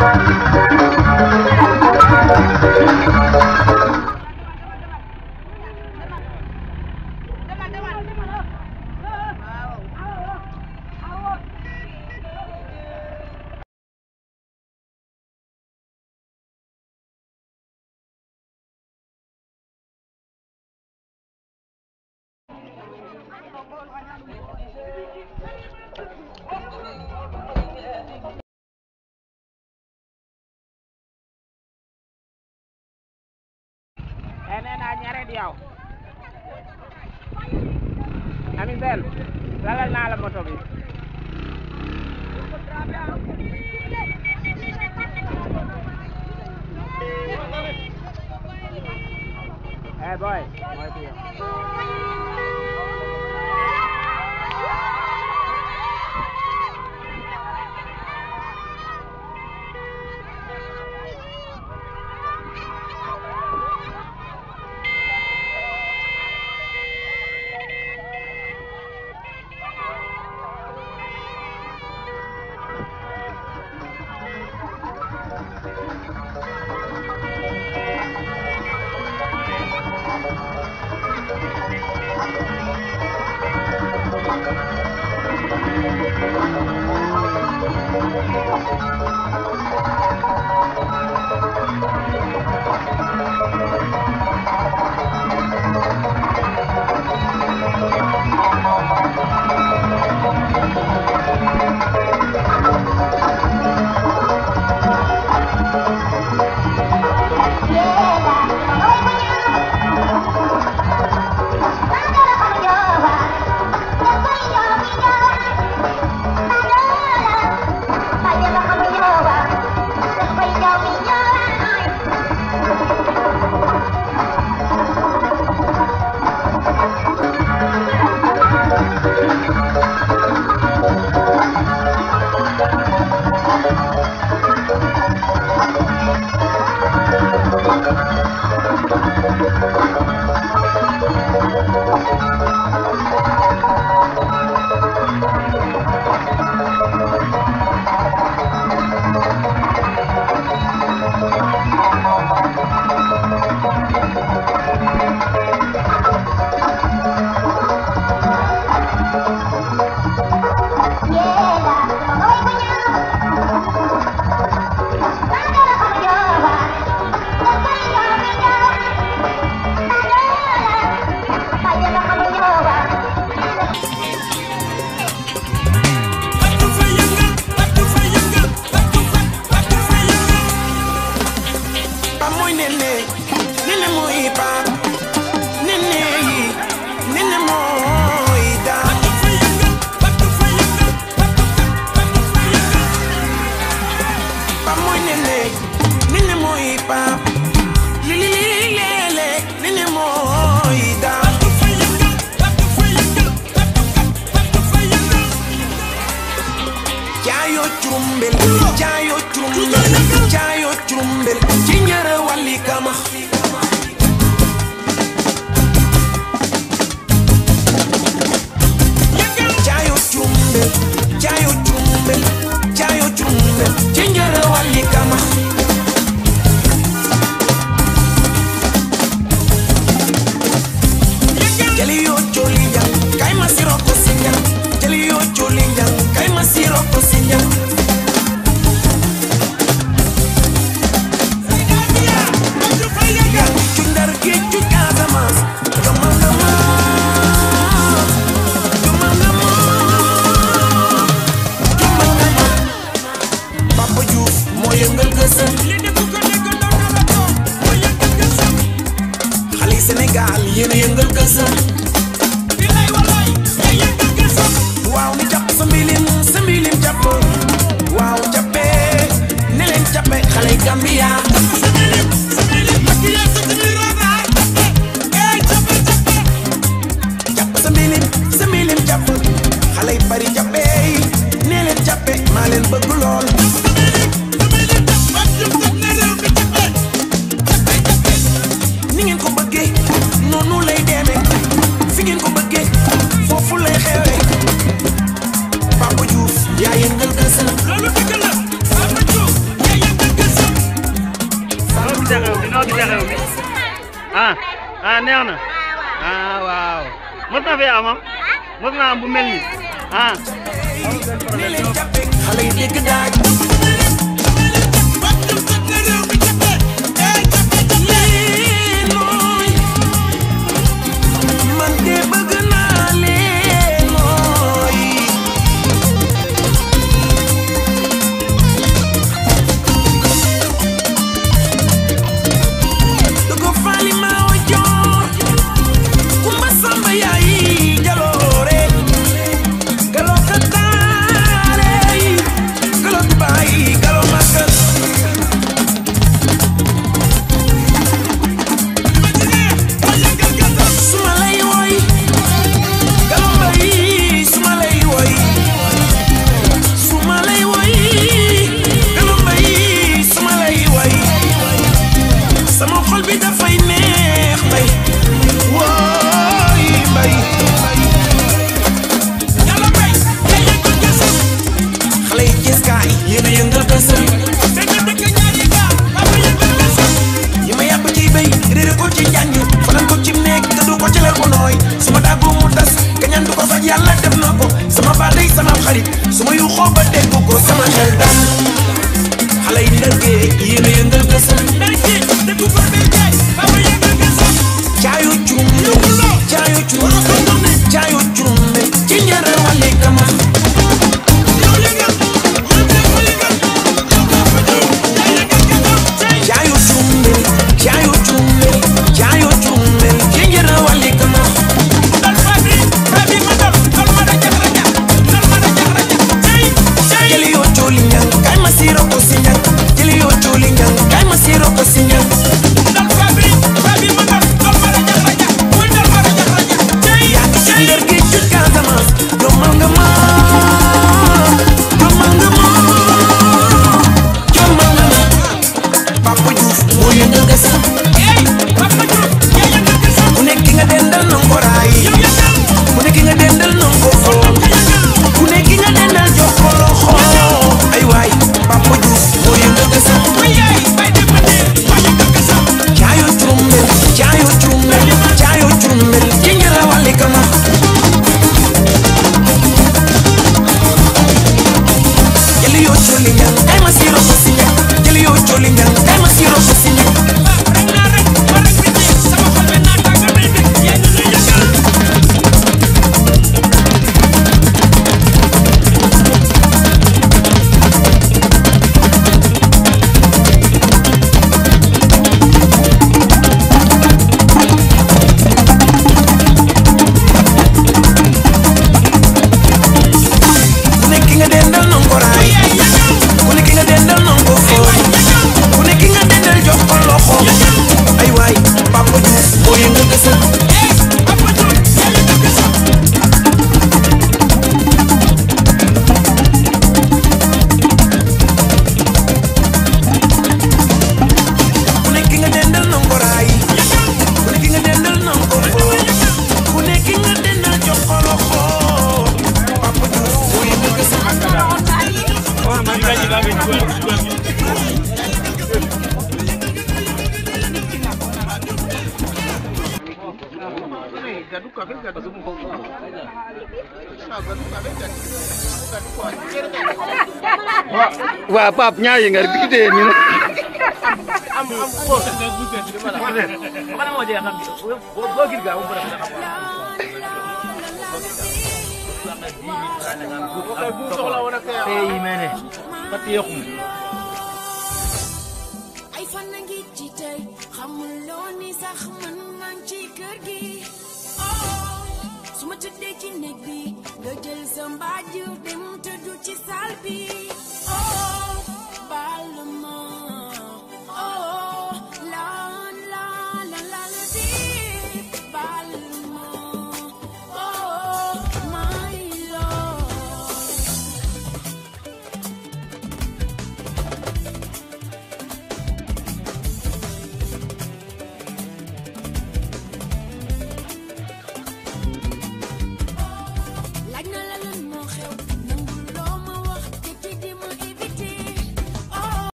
Thank you. yow ami benn lalal naa la moto bi Hey boy, my dear. Thank you. jaayo curumbel jaayo curumbel jaayo curumbel ci ñara wàlli kama jaayo curumbel jaayo curumbel jaayo curumbel ci ñara wàlli quero que te leen bëgg lool. ni ngeen ko bëggee noonu lay demee fi ngeen ko bëggee foofu lay xewee Papa Diouf yaa yëngal kësam. loolu dëgg la Papa Diouf yaa yëngal kësam. noo gisee xew bi noo gisee xew bi ah neex na ah waaw mos na fee amam ah? mos na am mel nii ah. I'll leave you good night. Wah, papnya ya nggak gede nih. Hey, man. Pati ako. mbaaju dem tëddu ci saal bi